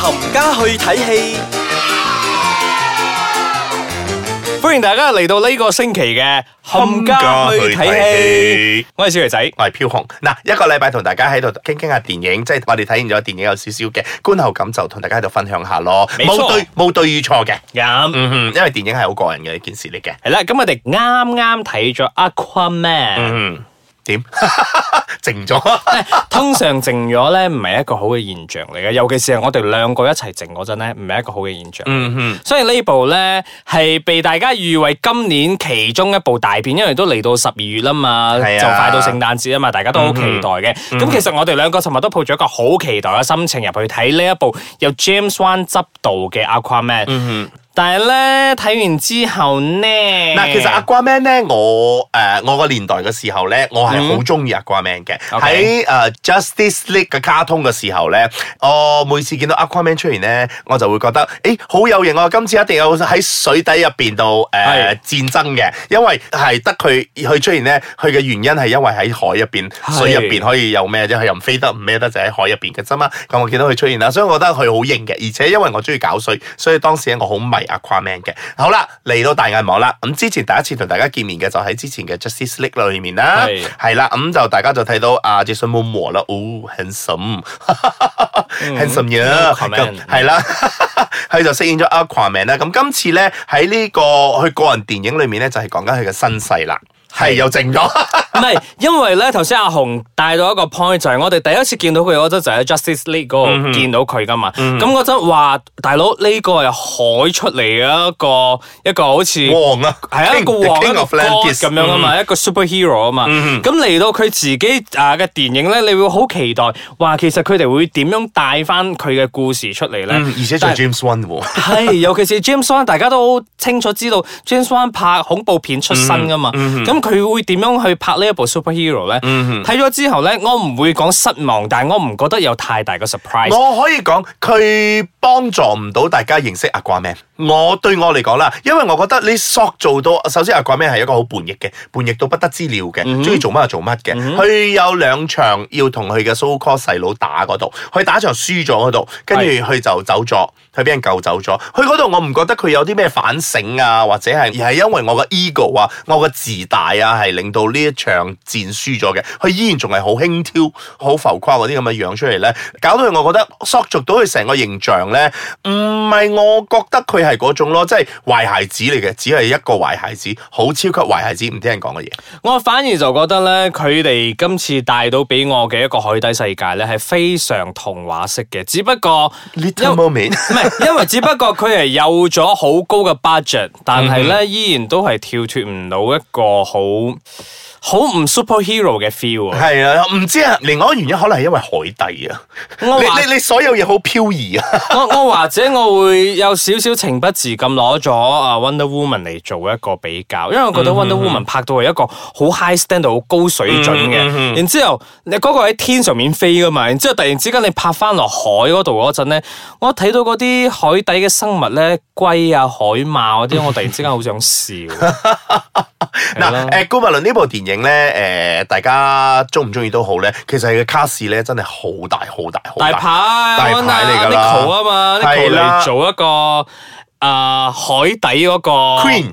冚家去睇戲，歡迎大家嚟到呢個星期嘅冚家去睇戲。我係小肥仔，我係飄紅。嗱，一個禮拜同大家喺度傾傾下電影，即係我哋睇完咗電影有少少嘅觀後感，就同大家喺度分享下咯。冇對冇對與錯嘅，咁，嗯嗯，因為電影係好個人嘅一件事嚟嘅。係啦，咁我哋啱啱睇咗 Aquaman，點？咗， 通常靜咗咧，唔係一個好嘅現象嚟嘅，尤其是係我哋兩個一齊靜嗰陣咧，唔係一個好嘅現象。嗯嗯哼，所以部呢部咧係被大家譽為今年其中一部大片，因為都嚟到十二月啦嘛，啊、就快到聖誕節啦嘛，大家都好期待嘅。咁、嗯嗯、其實我哋兩個尋日都抱住一個好期待嘅心情入去睇呢一部由 James Wan 執導嘅 Aquaman。嗯但係咧睇完之後咧，嗱，其實 Aquaman 咧，我誒、呃、我個年代嘅時候咧，我係好中意 Aquaman 嘅。喺、嗯 okay. 呃、Justice League 嘅卡通嘅時候咧，我每次見到 Aquaman 出現咧，我就會覺得，咦、欸，好有型啊！今次一定有喺水底入面度誒、呃、是戰爭嘅，因為係得佢佢出現咧，佢嘅原因係因為喺海入面。是水入面可以有咩啫？佢又唔飛得唔咩得，就喺、是、海入面嘅啫嘛。咁我見到佢出現啦，所以我覺得佢好型嘅。而且因為我中意搞水，所以當時我好迷。阿 Aquaman 嘅，好啦，嚟到大銀幕啦。咁之前第一次同大家見面嘅就喺之前嘅 Justice League 裏裏面啦，係啦是，咁就大家就睇到阿 Jason Momoa 啦，哦 handsome，handsome 樣，係啦，佢 就飾演咗阿 Aquaman 啦。咁今次咧喺呢、這個佢個人電影裡面咧，就係講緊佢嘅身世啦，係是又靜咗。唔係，因為咧頭先阿紅帶到一個 point 就係我哋第一次見到佢嗰陣就喺 Justice League 嗰度見到佢噶嘛。咁嗰陣話大佬呢個係海出嚟嘅一個一個好似王啊，係啊一個王啊咁樣啊嘛，一個 superhero 啊嘛。咁嚟到佢自己啊嘅電影咧，你會好期待話其實佢哋會點樣帶翻佢嘅故事出嚟咧？而且仲有 James Wan 喎。係，尤其是 James Wan，大家都好清楚知道 James Wan 拍恐怖片出身噶嘛。咁佢會點樣去拍呢？一部 superhero 咧，睇咗、嗯、哼之後咧，我唔會講失望，但係我唔覺得有太大嘅 surprise。我可以講佢幫助唔到大家認識 Aquaman？我對我嚟講啦，因為我覺得你塑造到首先 Aquaman 係一個好叛逆嘅，叛逆到不得之了嘅，中意、嗯、做乜就做乜嘅。佢、嗯、有兩場要同佢嘅 so call 細佬打嗰度，佢打場輸咗嗰度，跟住佢就走咗，佢俾是人救走咗。佢嗰度我唔覺得佢有啲咩反省啊，或者係而係因為我嘅 ego 啊，我嘅自大啊，係令到呢一場。仗戰輸咗嘅，佢依然仲係好輕佻、好浮誇嗰啲咁嘅樣出嚟呢，搞到我覺得塑造到佢成個形象呢，唔係我覺得佢係嗰種咯，即係壞孩子嚟嘅，只係一個壞孩子，好超級壞孩子，唔聽人講嘅嘢。我反而就覺得呢，佢哋今次帶到俾我嘅一個海底世界呢，係非常童話式嘅，只不過 little moment 唔係，因為只不過佢係有咗好高嘅 budget，但係呢，mm hmm. 依然都係跳脫唔到一個好。好唔 superhero 嘅 feel 啊，啊！係啊，唔知啊，另外一個原因可能係因為海底啊你，說你你你所有嘢好飄移啊我！我我或者我會有少少情不自禁攞咗啊 Wonder Woman 嚟做一個比較，因為我覺得 Wonder Woman 拍到係一個好 high standard，好高水準嘅。然之後你嗰個喺天上面飛噶嘛，然之後突然之間你拍翻落海嗰度嗰陣咧，我睇到嗰啲海底嘅生物咧，龜啊、海馬嗰啲，我突然之間好想笑。嗱，誒，高巴倫呢部電影。影咧，誒，大家中唔中意都好咧。其實個卡士咧，真係好大、好大、好大牌，大牌嚟㗎啦嘛。Nicole 嚟對啦 做一個啊、呃，海底嗰、那個 queen。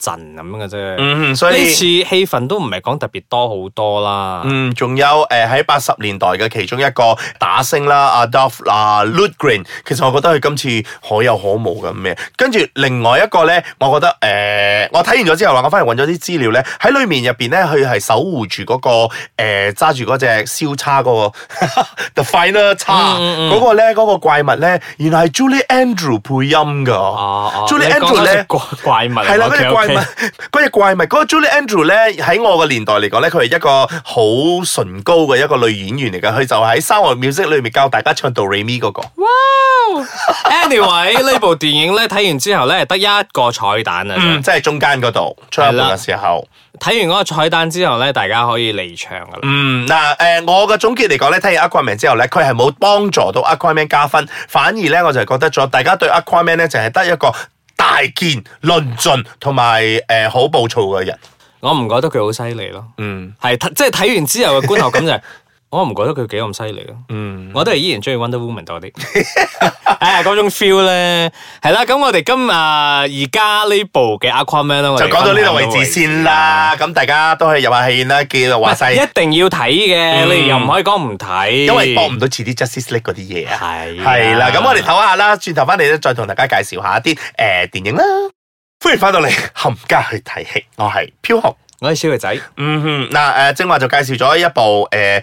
陣咁嘅啫，嗯，所以呢次戲份都唔係講特別多好多啦。嗯，仲有誒喺八十年代嘅其中一個打星啦，a、啊、Dolph、啊、Lundgren 其實我覺得佢今次可有可無咁咩？跟住另外一個咧，我覺得誒、呃，我睇完咗之後話，我翻嚟揾咗啲資料咧，喺裏面入邊咧，佢係守護住嗰個誒揸住嗰隻燒叉嗰、那個 The Final 叉、嗯，嗰個咧嗰、嗯、個怪物咧，原來係 Julie Andrews 配音噶。Julie Andrews 呢，咧怪、那個、怪物係啦，嗰隻、 嗯、那個、怪物，嗰、那個 Julie Andrews 咧，喺我個年代嚟講咧，佢係一個好崇高嘅一個女演員嚟噶。佢就喺《Sound of Music》裏面教大家唱 Do Re Mi 嗰、那個。哇 Wow !！Anyway，呢 部電影咧睇完之後咧，得一個彩蛋啊，即係、嗯就是、中間嗰度出一半嘅時候。睇完嗰個彩蛋之後咧，大家可以離場噶啦。嗯，嗱，誒、呃，我嘅總結嚟講咧，睇完 Aquaman 之後咧，佢係冇幫助到 Aquaman 加分，反而咧我就覺得咗，大家對 Aquaman 咧就係得一個。大見論盡同埋誒，好暴躁嘅人，我唔覺得佢好犀利咯。嗯，係即係睇完之後嘅觀後感就係。 我唔覺得佢幾咁犀利咯，我都係依然中意 Wonder Woman 多啲，誒嗰種 feel 咧係啦。咁我哋今啊而家呢部嘅 Aquaman 咯，就講到呢度為止先啦。咁大家都可以入下戲啦，見到話晒一定要睇嘅，你又唔可以講唔睇，因為博唔到似啲 Justice League 嗰啲嘢啊。係係啦，咁我哋唞下啦，轉頭翻嚟咧再同大家介紹下一啲誒電影啦。歡迎翻到嚟，冚家去睇戲，我係飄紅，我係小玉仔。嗯哼，嗱誒，正話就介紹咗一部誒。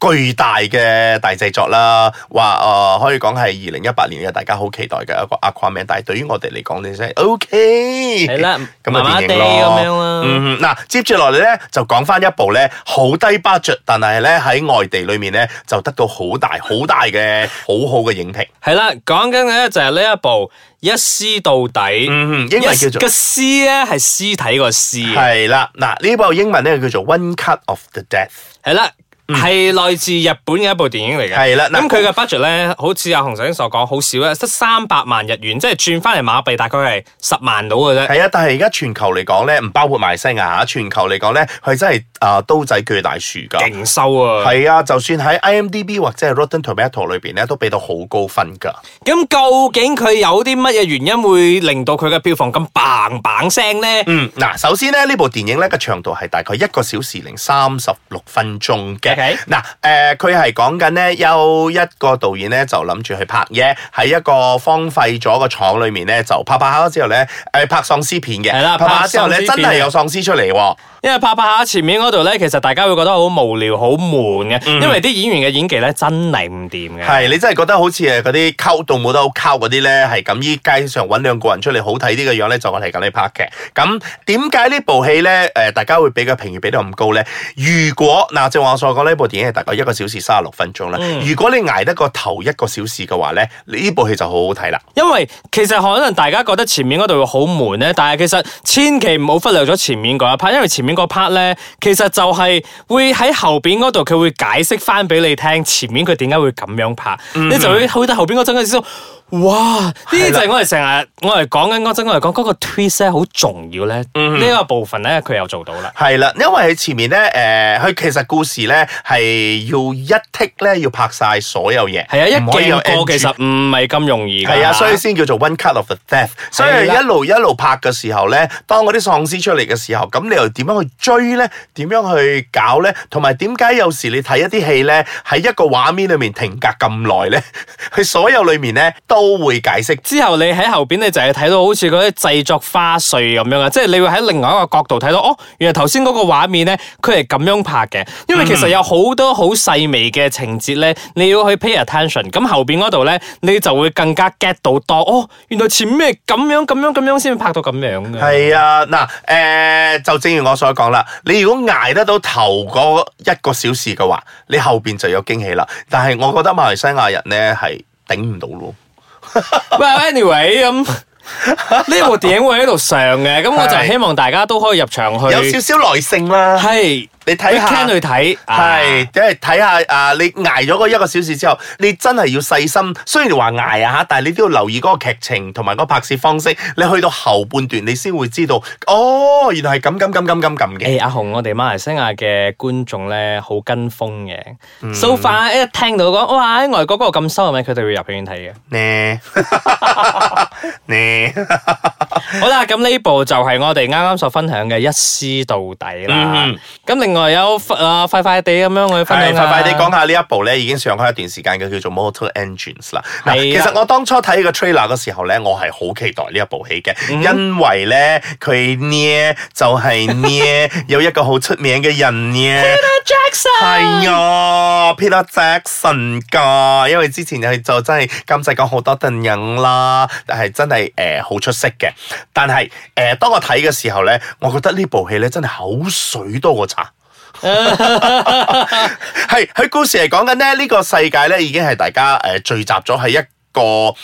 巨大嘅大製作啦，話誒、呃、可以講係二零一八年嘅大家好期待嘅一個 Aquaman，但係對於我哋嚟講，你真係 O K 係啦，咁嘅電影咯。嗯，嗱，接住落嚟咧就講翻一部咧好低 budget，但係咧喺外地裏面咧就得到大大好大好大嘅好好嘅影評。係啦，講緊嘅咧就係呢一部一屍到底，嗯嗯，英文叫做個屍咧係屍體個屍。係啦，嗱呢部英文咧叫做 One Cut of the Dead。係啦。係來自日本嘅一部電影嚟嘅，係啦。咁佢嘅 budget 咧，bud get, 好似阿洪成英所講，好少啦，得三百萬日元，即係轉翻嚟馬幣大概係十萬到嘅啫。係啊，但係而家全球嚟講咧，唔包括埋馬來西亞，全球嚟講咧，佢真係啊刀仔鋸大樹噶，勁收啊！係啊，就算喺 IMDB 或者係 Rotten Tomato 裏邊咧，都俾到好高分噶。咁究竟佢有啲乜嘢原因會令到佢嘅票房咁棒棒聲咧？嗯，嗱，首先咧呢部電影咧嘅長度係大概一個小時零三十六分鐘嘅。嗱，誒佢係講緊呢，呃、有一個導演呢，就諗住去拍嘢，喺一個荒廢咗個廠裏面呢，就拍拍下之後呢、呃，拍喪屍片嘅，係啦了，拍下之後呢，屍真係有喪屍，喪屍出嚟喎。因為拍拍下前面嗰度呢，其實大家會覺得好無聊、好悶嘅，因為啲演員嘅演技呢，真係唔掂嘅。係你真係覺得好似嗰啲溝度冇得好溝嗰啲呢，係咁依街上揾兩個人出嚟好睇啲嘅樣呢，就係咁你拍嘅。咁點解呢部戲呢，呃，大家會俾個評語俾到咁高呢？如果嗱，呃，正話我所呢部電影係大概一個小時三十六分鐘啦。如果你捱得過頭一個小時嘅話咧，呢部戲就好好睇啦。因為其實可能大家覺得前面嗰度會好悶咧，但係其實千祈唔好忽略咗前面嗰一 part，因為前面嗰 part 咧，其實就係會喺後邊嗰度佢會解釋翻俾你聽前面佢點解會咁樣拍，嗯、你就會睇到後邊嗰陣嘅時候。哇！呢啲就係我哋成日我哋講緊嗰陣，我哋講嗰個 twist 咧，好重要咧。呢個、嗯、哼個部分咧，佢又做到啦。係啦，因為佢前面咧，誒、呃，佢其實故事咧係要一 take 咧要拍晒所有嘢。係啊的，NG，一個其實唔係咁容易。係啊，所以先叫做 one cut of the death 的。所以一路一路拍嘅時候咧，當嗰啲喪屍出嚟嘅時候，咁你又點樣去追咧？點樣去搞咧？同埋點解有時你睇一啲戲咧，喺一個畫面裏面停格咁耐咧？佢所有裏面咧，都會解釋之後，你喺後邊你就係睇到好似嗰啲製作花絮咁樣嘅，即係你會喺另外一個角度睇到哦。原來頭先嗰個畫面呢，佢係咁樣拍嘅，因為其實有好多好細微嘅情節呢，你要去 pay attention。咁後邊嗰度呢，你就會更加 get 到多哦。原來前面咁樣咁樣咁樣先拍到咁樣嘅。係啊，嗱，誒，就正如我所講啦，你如果捱得到頭個一個小時嘅話，你後邊就有驚喜啦。但係我覺得馬來西亞人呢，係頂唔到咯。喂 But，anyway 咁呢部電影會喺度上嘅，咁 我就希望大家都可以入場去，有少少耐性啦，係。你睇下去睇，係即係睇下啊！你挨咗嗰一個小時之後，你真係要細心。雖然話挨啊吓，但係你都要留意嗰個劇情同埋個拍攝方式。你去到後半段，你先會知道哦，原來係咁咁咁咁咁嘅。阿紅，我哋馬來西亞嘅觀眾咧，好跟風嘅。so far 一聽到講，哇，喺外國嗰個咁收嘅咩？佢哋會入影院睇嘅。呢呢，好啦，咁呢部就係我哋啱啱所分享嘅《一屍到底》啦。咁另外。有快啊、呃！快快地咁樣去分享下快快地講下呢一部咧已經上開一段時間嘅叫做《Mortal Engines 的》啦。其實我當初睇個 trailer 嘅時候咧，我係好期待呢一部戲嘅，嗯、因為咧佢呢,呢就係、是、呢 有一個好出名嘅人呢 的，Peter Jackson。係啊，Peter Jackson 噶，因為之前就真係監製講好多電影啦，係真係誒好出色嘅。但係誒、呃、當我睇嘅時候咧，我覺得呢部戲咧真係口水多過茶。係喺 故事嚟講緊呢，呢個世界呢已經係大家聚集咗喺一個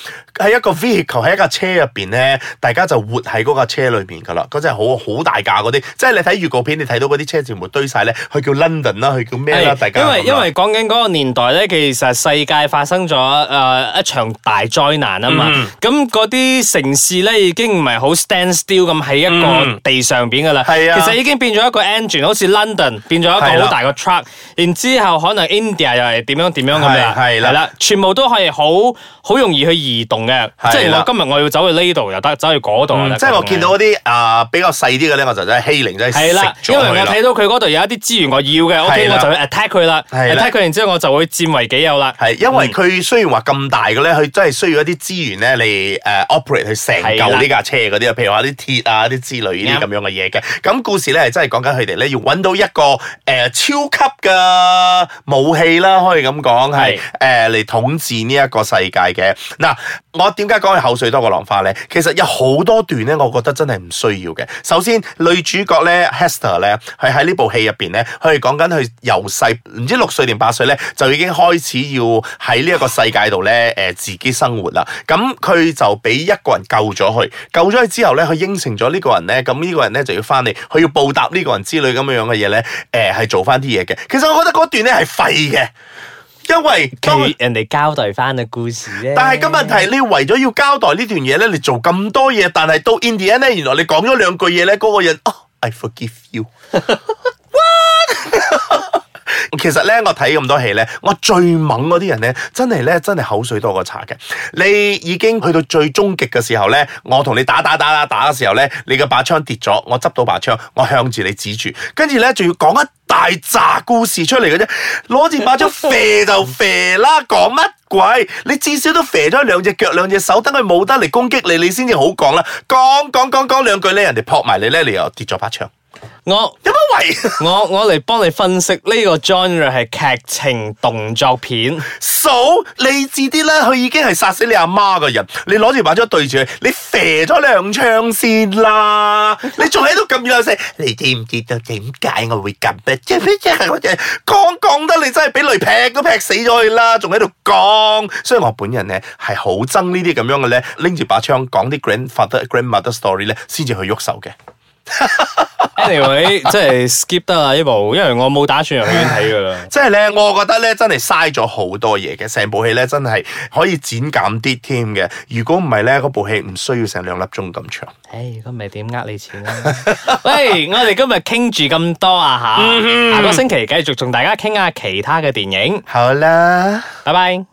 喺一個 vehicle 喺一架車入邊咧，大家就活喺嗰架車裏邊噶啦，嗰隻好好大架嗰啲，即係你睇預告片，你睇到啲車全部堆晒咧，佢叫 London 啦，佢叫咩啦？大家因為因為講緊嗰個年代咧，其實世界發生咗誒、呃、一場大災難啊嘛，咁嗰啲城市咧已經唔係好 stand still 咁喺一個地上邊噶啦，係啊、嗯，其實已經變咗一個 engine，好似、啊、London 變咗一個好大個 truck，啊、然之後可能 India 又係點樣點樣咁樣，係啦、啊啊啊，全部都係好好。好容易去移動嘅，即係我今日我要走去呢度又得，走去嗰度即係我見到嗰啲啊比較細啲嘅咧，我就真係欺凌真係食咗佢啦。因為我睇到佢嗰度有一啲資源我要嘅，OK 我就要 attack 佢啦，attack 佢然之後我就會佔為己有啦。係因為佢雖然話咁大嘅咧，佢真係需要一啲資源咧嚟誒 operate 去成嚿呢架車嗰啲啊，譬如話啲鐵啊啲之類呢啲咁樣嘅嘢嘅。咁故事咧係真係講緊佢哋咧要揾到一個誒超級嘅武器啦，可以咁講係誒嚟統治呢一個世界嘅。嗱，我點解講佢口水多過浪花呢？其實有好多段呢，我覺得真係唔需要嘅。首先，女主角呢 Hester 呢，佢喺呢部戲入邊呢，佢係講緊佢由細唔知六歲定八歲呢，就已經開始要喺呢一個世界度呢誒，自己生活啦。咁佢就俾一個人救咗佢，救咗佢之後呢，佢應承咗呢個人呢，咁呢個人呢就要翻嚟，佢要報答呢個人之類咁樣樣嘅嘢呢，誒、呃，係做翻啲嘢嘅。其實我覺得嗰段呢係廢嘅。因為當人哋交代翻嘅故事咧，但係個問題，你為咗要交代呢段嘢咧，你做咁多嘢，但係到 in the end 呢原來你講咗兩句嘢咧，嗰個人，哦，I forgive you。What? 其實咧，我睇咁多戲咧，我最猛嗰啲人咧，真係咧，真係口水多過茶嘅。你已經去到最終極嘅時候咧，我同你打打打打打嘅時候咧，你嘅把槍跌咗，我執到把槍，我向住你指住，跟住咧仲要講一大紮故事出嚟嘅啫。攞住把槍射就射啦，講乜鬼？你至少都射咗兩隻腳、兩隻手，等佢冇得嚟攻擊你，你先至好講啦。講講講講兩句咧，人哋撲埋你咧，你又跌咗把槍。我有乜為？ 我我嚟幫你分析呢個 genre 係劇情動作片，數理智啲啦，佢已經係殺死你阿媽個人，你攞住把槍對住佢，你射咗兩槍先啦，你仲喺度咁大聲，你知唔知道點解我會咁咩？講講得你真係俾雷劈都劈死咗佢啦，仲喺度講，所以我本人咧係好憎呢啲咁樣嘅咧，拎住把槍講啲 grandfather、grand father, grandmother story 咧，先至去喐手嘅。呢位即係 skip 得啊，呢部，因為我冇打算入院睇噶啦。即係咧，我覺得咧真係嘥咗好多嘢嘅，成部戲咧真係可以剪減啲添嘅。如果唔係咧，嗰部戲唔需要成兩粒鐘咁長。唉、哎，咁咪點呃你錢啊？ 喂，我哋今日傾住咁多啊吓， 下個星期繼續同大家傾下其他嘅電影。好啦，拜拜。